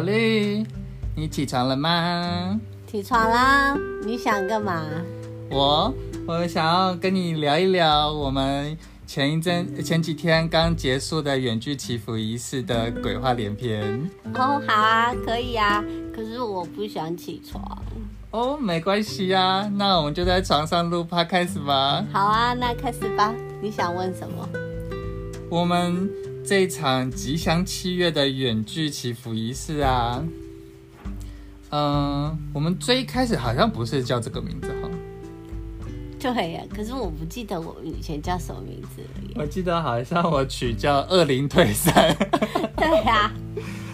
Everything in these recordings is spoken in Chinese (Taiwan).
小綠，你起床了嗎？起床啦！你想幹嘛？我我想要跟你聊一聊我們前一陣前幾天剛結束的遠距祈福儀式的鬼話連篇。哦，好啊，可以啊。可是我不想起床。哦，沒關係啊。那我們就在床上錄 podcast 吧開始吧。好啊，那開始吧。你想問什麼？我們。這一場吉祥七月的遠距祈福儀式啊，嗯，我們最開始好像不是叫這個名字哈。對呀、啊，可是我不記得我們以前叫什麼名字。我記得好像我取叫二零退三。 對呀、啊，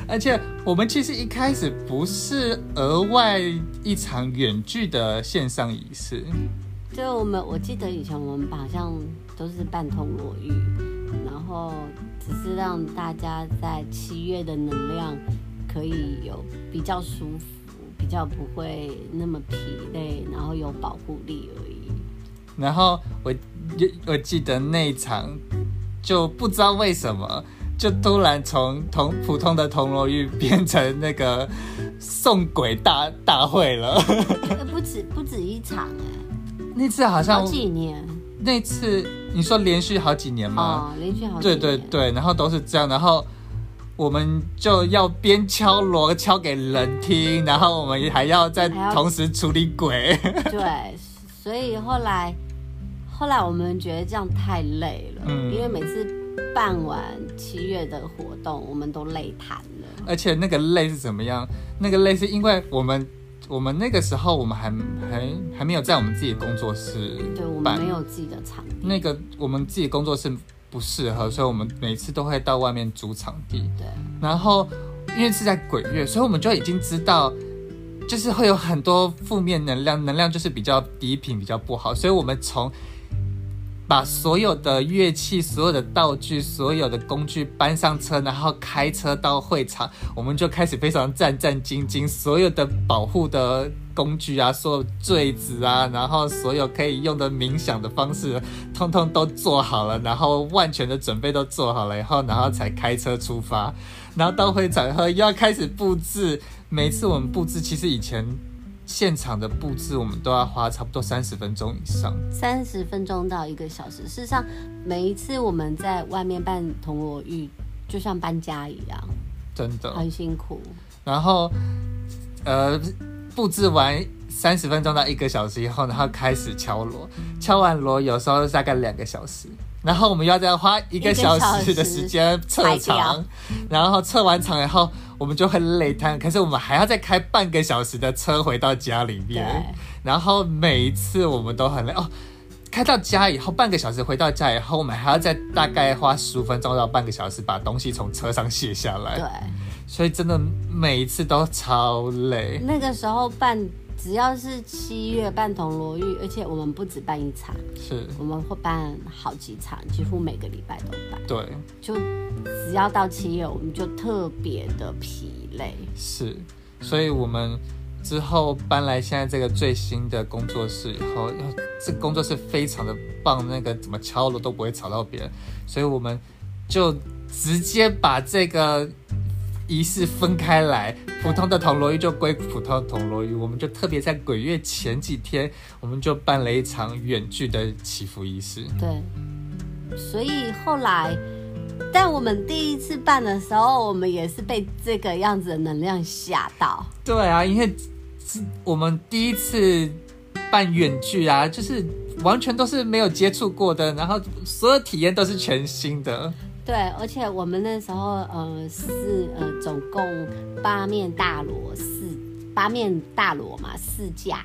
而且我們其實一開始不是額外一場遠距的線上儀式，就我們我記得以前我們好像都是辦銅鑼浴，然後。只是讓大家在七月的能量可以有比較舒服，比較不會那麼疲累，然後有保護力而已。然後我我記得那一場就不知道為什麼就突然從銅普通的銅鑼浴變成那個送鬼大大會了。 不止不止一場哎、欸。那次好像好幾年。那次。你說連續好幾年嗎？哦，連續好幾年。對對對，然後都是這樣，然後我們就要邊敲鑼敲給人聽，然後我們還要在同時處理鬼。對，所以後來後來我們覺得這樣太累了，嗯，因為每次辦完七月的活動，我們都累癱了。而且那個累是怎麼樣？那個累是因為我們。我們那個時候，我們還還還沒有在我們自己的工作室，對，我們沒有自己的場地。那個我們自己的工作室不適合，所以我們每次都會到外面租場地。對，對，然後因為是在鬼月，所以我們就已經知道，就是會有很多負面能量，能量就是比較低頻，比較不好，所以我們從。把所有的樂器、所有的道具、所有的工具搬上車，然後開車到會場，我們就開始非常戰戰兢兢。所有的保護的工具啊，所有墜子啊，然後所有可以用的冥想的方式，通通都做好了，然後萬全的準備都做好了以後，然後才開車出發。然後到會場以後又要開始布置。每次我們布置，其實以前。現場的布置我們都要花差不多三十分鐘以上，三十分鐘到一個小時。事實上，每一次我們在外面辦銅鑼浴，就像搬家一樣，真的，很辛苦。然後，呃，布置完三十分鐘到一個小時以後，然後開始敲鑼，敲完鑼有時候大概兩個小時，然後我們要再花一個小時的時間測場，然後測完場以後。我們就很累癱，可是我們還要再開半個小時的車回到家裡面，然後每一次我們都很累哦。開到家以後，半個小時回到家以後，我們還要再大概花十五分鐘到半個小時把東西從車上卸下來。對，所以真的每一次都超累。那個時候半。只要是七月辦銅鑼浴，而且我們不止辦一場，是我們會辦好幾場，幾乎每個禮拜都辦。對，就只要到七月，我們就特別的疲累。是，所以，我們之後搬來現在這個最新的工作室以後，這工作室非常的棒，那個怎麼敲鑼都不會吵到別人，所以我們就直接把這個。儀式分開來，普通的銅鑼浴就歸普通銅鑼浴。我們就特別在鬼月前幾天，我們就辦了一場遠距的祈福儀式。對，所以後來，但我們第一次辦的時候，我們也是被這個樣子的能量嚇到。對啊，因為我們第一次辦遠距啊，就是完全都是沒有接觸過的，然後所有體驗都是全新的。對，而且我們那時候，呃，是呃，總共八面大鑼，四八面大鑼嘛，四架，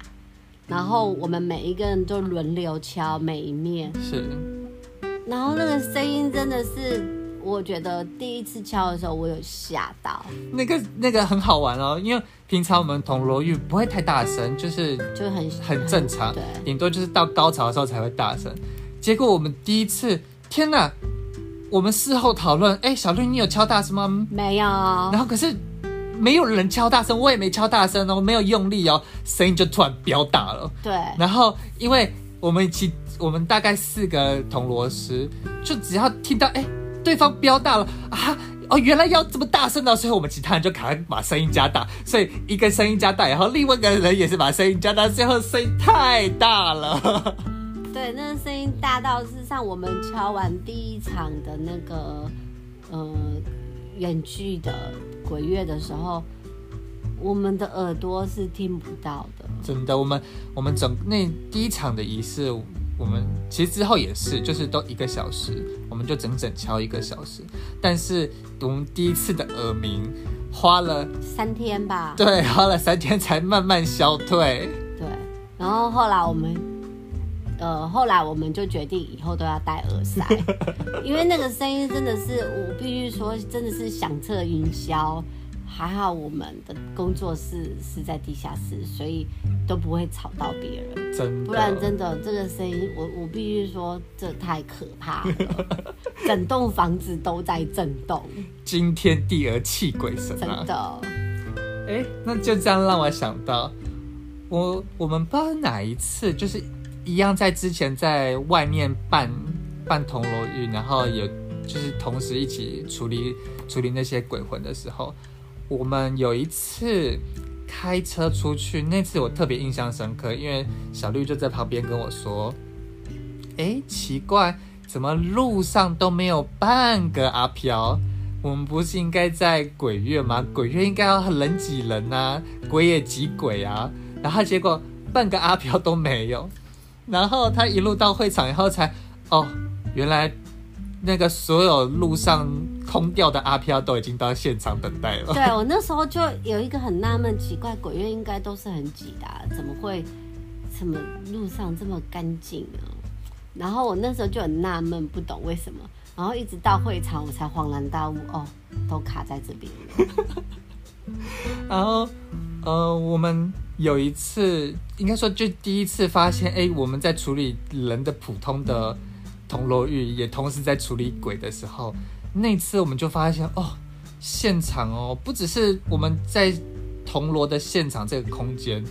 然後我們每一個人都輪流敲每一面，是，然後那個聲音真的是，我覺得第一次敲的時候，我有嚇到。那個那個很好玩哦，因為平常我們銅鑼浴不會太大聲，就是就很很正常很很對，頂多就是到高潮的時候才會大聲。結果我們第一次，天哪！我們事後討論，哎、欸，小綠，你有敲大聲嗎？沒有。然後可是沒有人敲大聲，我也沒敲大聲哦，沒有用力哦，聲音就突然飆大了。對。然後因為我們一起，我們大概四個銅鑼師就只要聽到哎、欸、對方飆大了啊，哦原來要這麼大聲的，所以我們其他人就趕快把聲音加大，所以一個聲音加大，然後另外一個人也是把聲音加大，最後聲音太大了。 對，那個聲音大到，事實上我們敲完第一場的那個，呃，遠距的鬼樂的時候，我們的耳朵是聽不到的。真的，我們我們整那第一場的儀式，我們其實之後也是，就是都一個小時，我們就整整敲一個小時。但是我們第一次的耳鳴花了三天吧？對，花了三天才慢慢消退。對，然後後來我們。呃，後來我們就決定以後都要戴耳塞。 因為那個聲音真的是，我必須說，真的是響徹雲霄。還好我們的工作室是在地下室，所以都不會吵到別人。真，不然真的這個聲音，我我必須說，這太可怕了， 整棟房子都在震動，驚天地而泣鬼神啊，真的，哎，欸，那就這樣讓我想到，我我們不知道哪一次就是。一樣，在之前在外面辦辦銅鑼浴，然後有就是同時一起處理處理那些鬼魂的時候，我們有一次開車出去，那次我特別印象深刻，因為小綠就在旁邊跟我說：“哎、欸，奇怪，怎麼路上都沒有半個阿飄？我們不是應該在鬼月嗎？鬼月應該要人擠人啊，鬼也擠鬼啊，然後結果半個阿飄都沒有。”然後他一路到會場，以後才哦，原來那個所有路上空掉的阿飄都已經到現場等待了。對，我那時候就有一個很納悶，奇怪鬼，鬼月應該都是很擠的，怎麼會什麼路上這麼乾淨呢、啊？然後我那時候就很納悶，不懂為什麼，然後一直到會場，我才恍然大悟，哦，都卡在這邊了。 然後。呃，我們有一次，應該說就第一次發現，哎、欸，我們在處理人的普通的銅鑼浴，也同時在處理鬼的時候，那次我們就發現哦，現場哦，不只是我們在銅鑼的現場這個空間，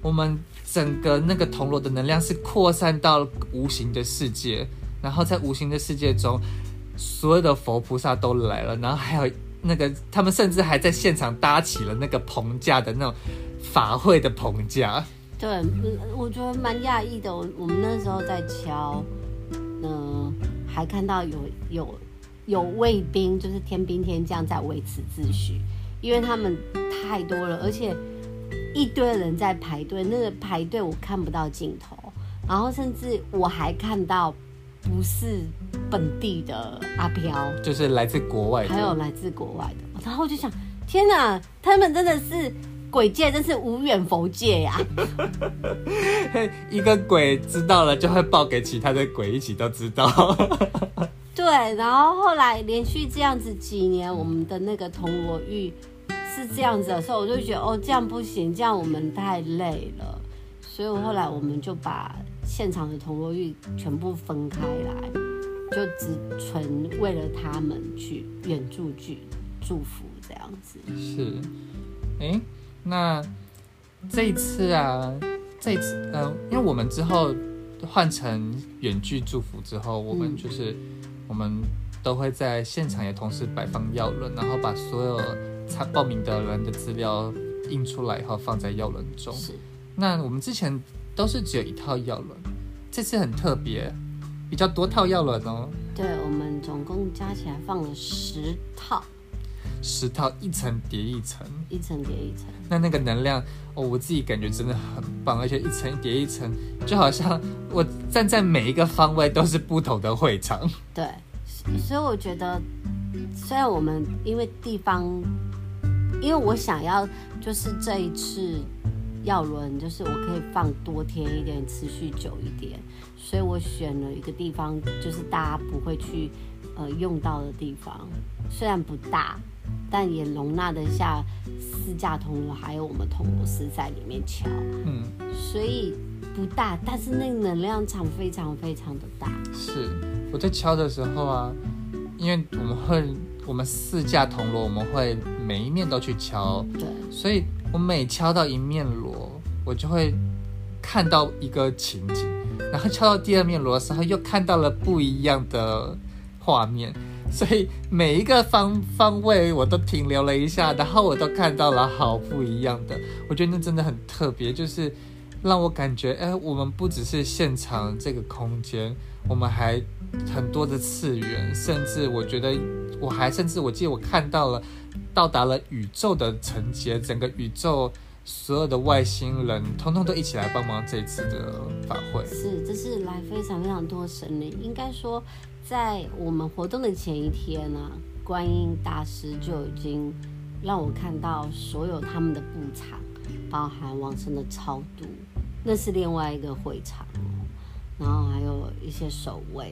我們整個那個銅鑼的能量是擴散到無形的世界，然後在無形的世界中，所有的佛菩薩都來了，然後還有。那個，他們甚至還在現場搭起了那個棚架，的那種法會的棚架。對，我覺得蠻訝異的。我們那時候在敲，嗯、呃，還看到有有有衛兵，就是天兵天將在維持秩序，因為他們太多了，而且一堆人在排隊。那個排隊我看不到盡頭，然後甚至我還看到。不是本地的阿飄，就是來自國外的，還有來自國外的。然後我就想，天哪，他們真的是鬼界，真是無遠弗屆呀、啊 ！一個鬼知道了就會報給其他的鬼，一起都知道。 對，然後後來連續這樣子幾年，我們的那個銅鑼浴是這樣子的時候，我就覺得哦，這樣不行，這樣我們太累了。所以我後來我們就把。現場的銅鑼浴全部分開來，就只純為了他們去遠距祝福這樣子。是，哎、欸，那這一次啊，這一次嗯、呃，因為我們之後換成遠距祝福之後，嗯、我們就是我們都會在現場也同時擺放藥輪、嗯、然後把所有他報名的人的資料印出來以後放在藥輪中。是，那我們之前。都是只有一套藥輪，這次很特別，比較多套藥輪哦。對，我們總共加起來放了十套，十套一層疊一層，一層疊一層。那那個能量哦，我自己感覺真的很棒，而且一層疊一層，就好像我站在每一個方位都是不同的會場。對，所以我覺得，雖然我們因為地方，因為我想要就是這一次。藥輪，就是我可以放多天一點，持續久一點，所以我選了一個地方，就是大家不會去呃用到的地方。雖然不大，但也容納得下四架銅鑼，還有我們銅鑼師在裡面敲。嗯，所以不大，但是那個能量場非常非常的大。是，我在敲的時候啊，嗯、因為我們會，我們四架銅鑼，我們會每一面都去敲，嗯。對，所以我每敲到一面鑼。我就會看到一個情景，然後敲到第二面鑼，又看到了不一樣的畫面。所以每一個方方位我都停留了一下，然後我都看到了好不一樣的。我覺得那真的很特別，就是讓我感覺，哎，我們不只是現場這個空間，我們還很多的次元，甚至我覺得我還甚至我記得我看到了到達了宇宙的層級，整個宇宙。所有的外星人通通都一起來幫忙這次的法會。是，這是來非常非常多神靈。應該說，在我們活動的前一天呢、啊，觀音大師就已經讓我看到所有他們的布場，包含往生的超度，那是另外一個會場哦。然後還有一些守衛，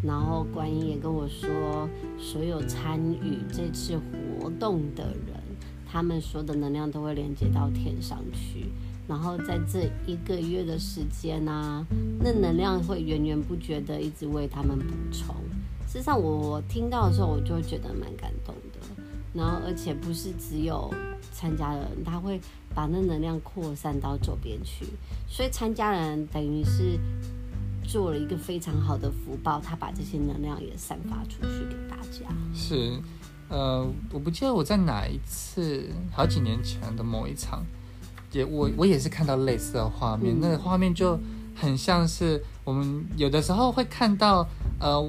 然後觀音也跟我說，所有參與這次活動的人。他們說的能量都會連接到天上去，然後在這一個月的時間啊，那能量會源源不絕的一直為他們補充。事實上，我聽到的時候我就會覺得蠻感動的。然後，而且不是只有參加人，他會把那能量擴散到周邊去，所以參加人等於是做了一個非常好的福報，他把這些能量也散發出去給大家。是。呃，我不記得我在哪一次，好幾年前的某一場，也我我也是看到類似的畫面，那個畫面就很像是我們有的時候會看到，呃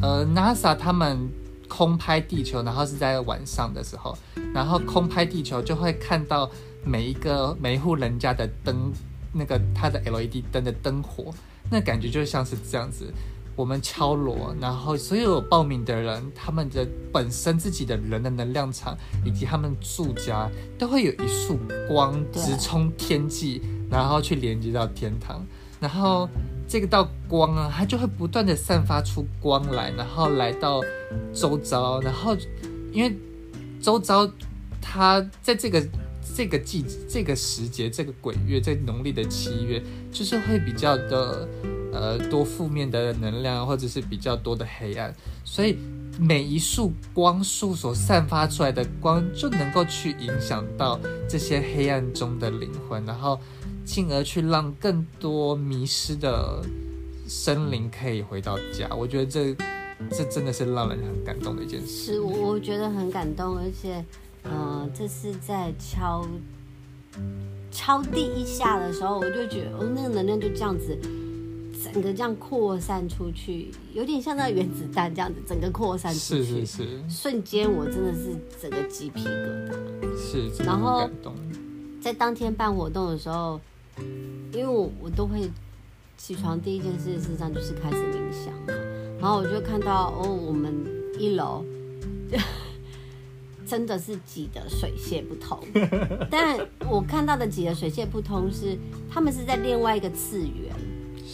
呃，NASA 他們空拍地球，然後是在晚上的時候，然後空拍地球就會看到每一個每一戶人家的燈，那個它的 LED 燈的燈火，那感覺就像是這樣子。我們敲鑼，然後所有報名的人，他們的本身自己的人的能量場，以及他們住家，都會有一束光直衝天際，然後去連接到天堂。然後這個道光啊，它就會不斷地散發出光來，然後來到周遭。然後因為周遭它在這個這個季這個時節這個鬼月，在、這個、農曆的七月，就是會比較的。呃，多負面的能量，或者是比較多的黑暗，所以每一束光束所散發出來的光，就能夠去影響到這些黑暗中的靈魂，然後進而去讓更多迷失的生靈可以回到家。我覺得這這真的是讓人很感動的一件事。是，我我覺得很感動，而且，呃，這是在敲敲第一下的時候，我就覺得哦，那個能量就這樣子。整個這樣擴散出去，有點像那個原子彈這樣子，整個擴散出去。是是是。瞬間，我真的是整個雞皮疙瘩。是。然後，在當天辦活動的時候，因為我我都會起床第一件事，事實上就是開始冥想。然後我就看到哦，我們一樓真的是擠得水泄不通。 但我看到的擠得水泄不通是他們是在另外一個次元。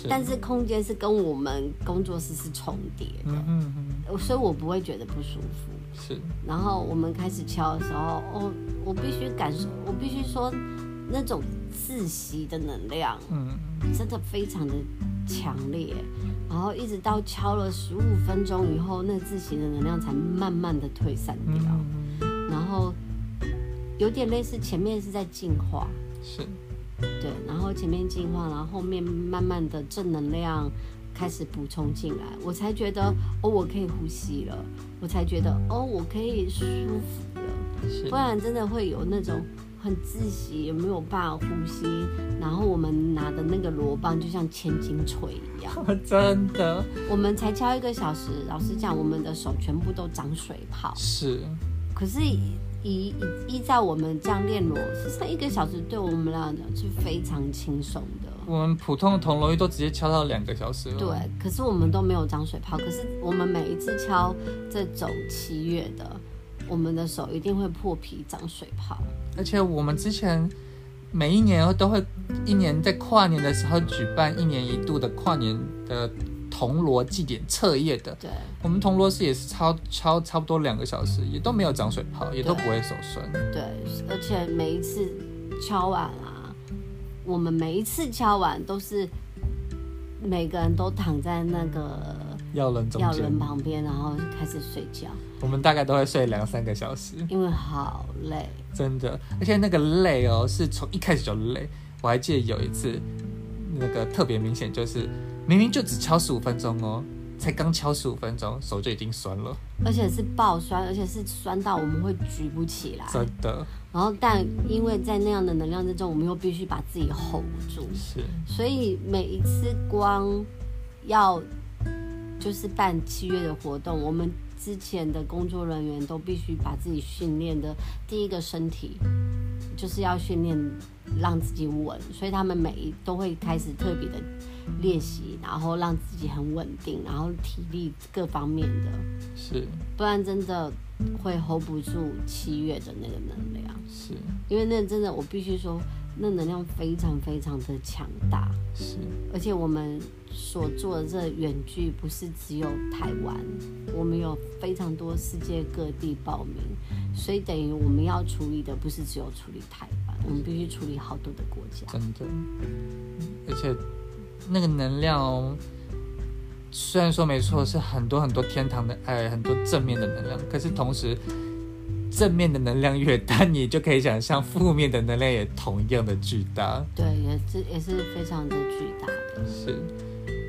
但是空間是跟我們工作室是重疊的，嗯，嗯，嗯，所以我不會覺得不舒服。是。然後我們開始敲的時候，哦，我必須感受，我必須說，那種窒息的能量，嗯，真的非常的強烈。嗯嗯、然後一直到敲了十五分鐘以後，那窒息的能量才慢慢的退散掉。嗯嗯嗯、然後有點類似前面是在淨化。是。對，然後前面淨化，然後後面慢慢的正能量開始補充進來，我才覺得哦，我可以呼吸了，我才覺得、嗯、哦，我可以舒服了，不然真的會有那種很窒息，也沒有辦法呼吸。然後我們拿的那個鑼棒就像千斤錘一樣，哦、真的，我們才敲一個小時，老實講，我們的手全部都長水泡。是，可是。依依依照我們這樣練鑼，其實一個小時對我們來講是非常輕鬆的。我們普通的銅鑼都直接敲到兩個小時了。對，可是我們都沒有長水泡。可是我們每一次敲這種七月的，我們的手一定會破皮長水泡。而且我們之前每一年都會一年在跨年的時候舉辦一年一度的跨年的。銅鑼祭典徹夜的，對，我們銅鑼師也是敲敲差不多兩個小時，也都沒有長水泡，也都不會手痠。對，而且每一次敲完啊，我們每一次敲完都是每個人都躺在那個藥輪藥輪旁邊，然後開始睡覺。我們大概都會睡兩三個小時，因為好累，真的，而且那個累哦，是從一開始就累。我還記得有一次，那個特別明顯就是。明明就只敲十五分鐘哦，才剛敲十五分鐘，手就已經酸了，而且是爆酸，而且是酸到我們會舉不起來。是的。然後，但因為在那樣的能量之中，我們又必須把自己 hold 住。是。所以每一次光要就是辦七月的活動，我們之前的工作人員都必須把自己訓練的第一個身體就是要訓練，讓自己穩，所以他們每一都會開始特別的。練習，然後讓自己很穩定，然後體力各方面的，是，不然真的會 hold 不住七月的那個能量。是，因為那真的，我必須說，那能量非常非常的強大。是，而且我們所做的這遠距不是只有台灣，我們有非常多世界各地報名，所以等於我們要處理的不是只有處理台灣，我們必須處理好多的國家。真的，而且。那個能量、哦，雖然說沒錯，是很多很多天堂的愛，很多正面的能量。可是同時，正面的能量越大，你就可以想象負面的能量也同樣的巨大。對，也是也是非常的巨大的。是、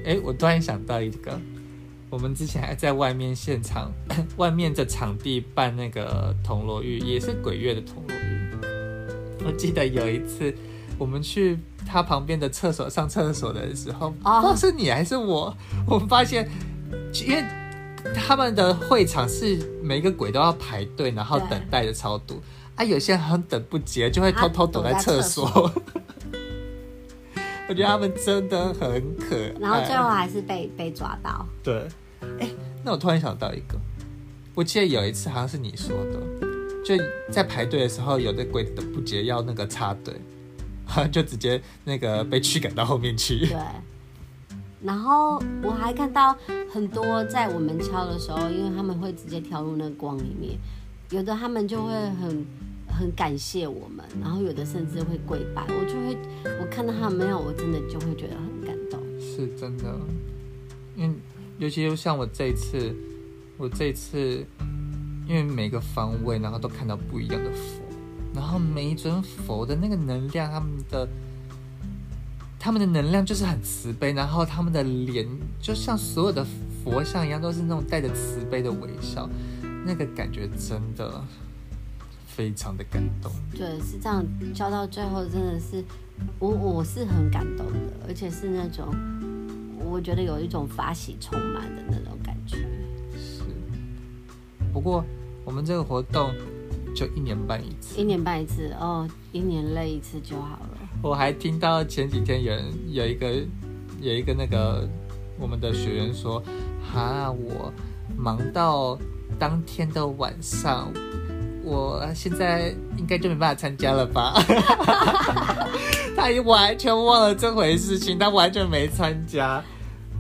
欸。我突然想到一個，我們之前還在外面現場， 外面的場地辦那個銅鑼浴，也是鬼月的銅鑼浴。我記得有一次。我們去他旁邊的廁所上廁所的時候，oh. 不知道是你還是我？我們發現，因為他們的會場是每個鬼都要排隊，然後等待著超度。啊，有些人等不及，就會偷偷躲在廁所。廁所 我覺得他們真的很可愛。嗯、然後最後還是被被抓到。對、欸，那我突然想到一個，我記得有一次好像是你說的，就在排隊的時候，有的鬼等不及，要那個插隊。 就直接那個被驅趕到後面去。對，然後我還看到很多，在我們敲的時候，因為他們會直接跳入那個光裡面，有的他們就會很很感謝我們，然後有的甚至會跪拜。我就會我看到他們，沒有我真的就會覺得很感動。是真的，因為尤其就像我這一次，我這一次因為每個方位，然後都看到不一樣的佛。然後，每一尊佛的那個能量，他們的他們的能量就是很慈悲，然後他們的臉就像所有的佛像一樣，都是那種帶着慈悲的微笑，那個感覺真的非常的感動。對，是這樣。教到最後，真的是我，我是很感動的，而且是那種我覺得有一種法喜充滿的那種感覺。是。不過，我們這個活動。就一年半一次，一年半一次哦，一年累一次就好了。我還聽到前幾天有人有一個有一個那個我們的學員說，哈，我忙到當天的晚上，我現在應該就沒辦法參加了吧？ 他也完全忘了這回事情，他完全沒參加。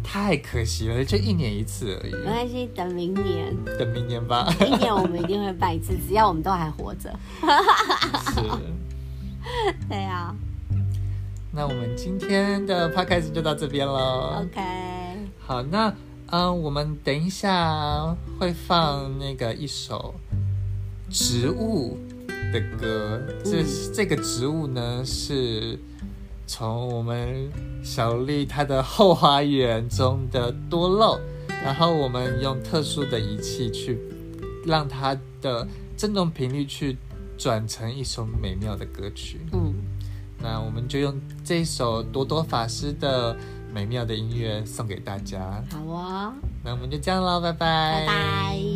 太可惜了，就一年一次而已。沒關係，等明年。等明年吧。明年我們一定會辦一次， 只要我們都還活着。 是。對啊。那我們今天的 Podcast 就到這邊嘍。OK。好，那、呃、我們等一下會放那個一首植物的歌。嗯、這這個植物呢是。從我們小綠她的後花園中的多肉，然後我們用特殊的儀器去讓它的振動頻率去轉成一首美妙的歌曲。嗯，那我們就用這首多多法師的美妙的音樂送給大家。好啊，哦，那我們就這樣咯，拜拜。拜拜。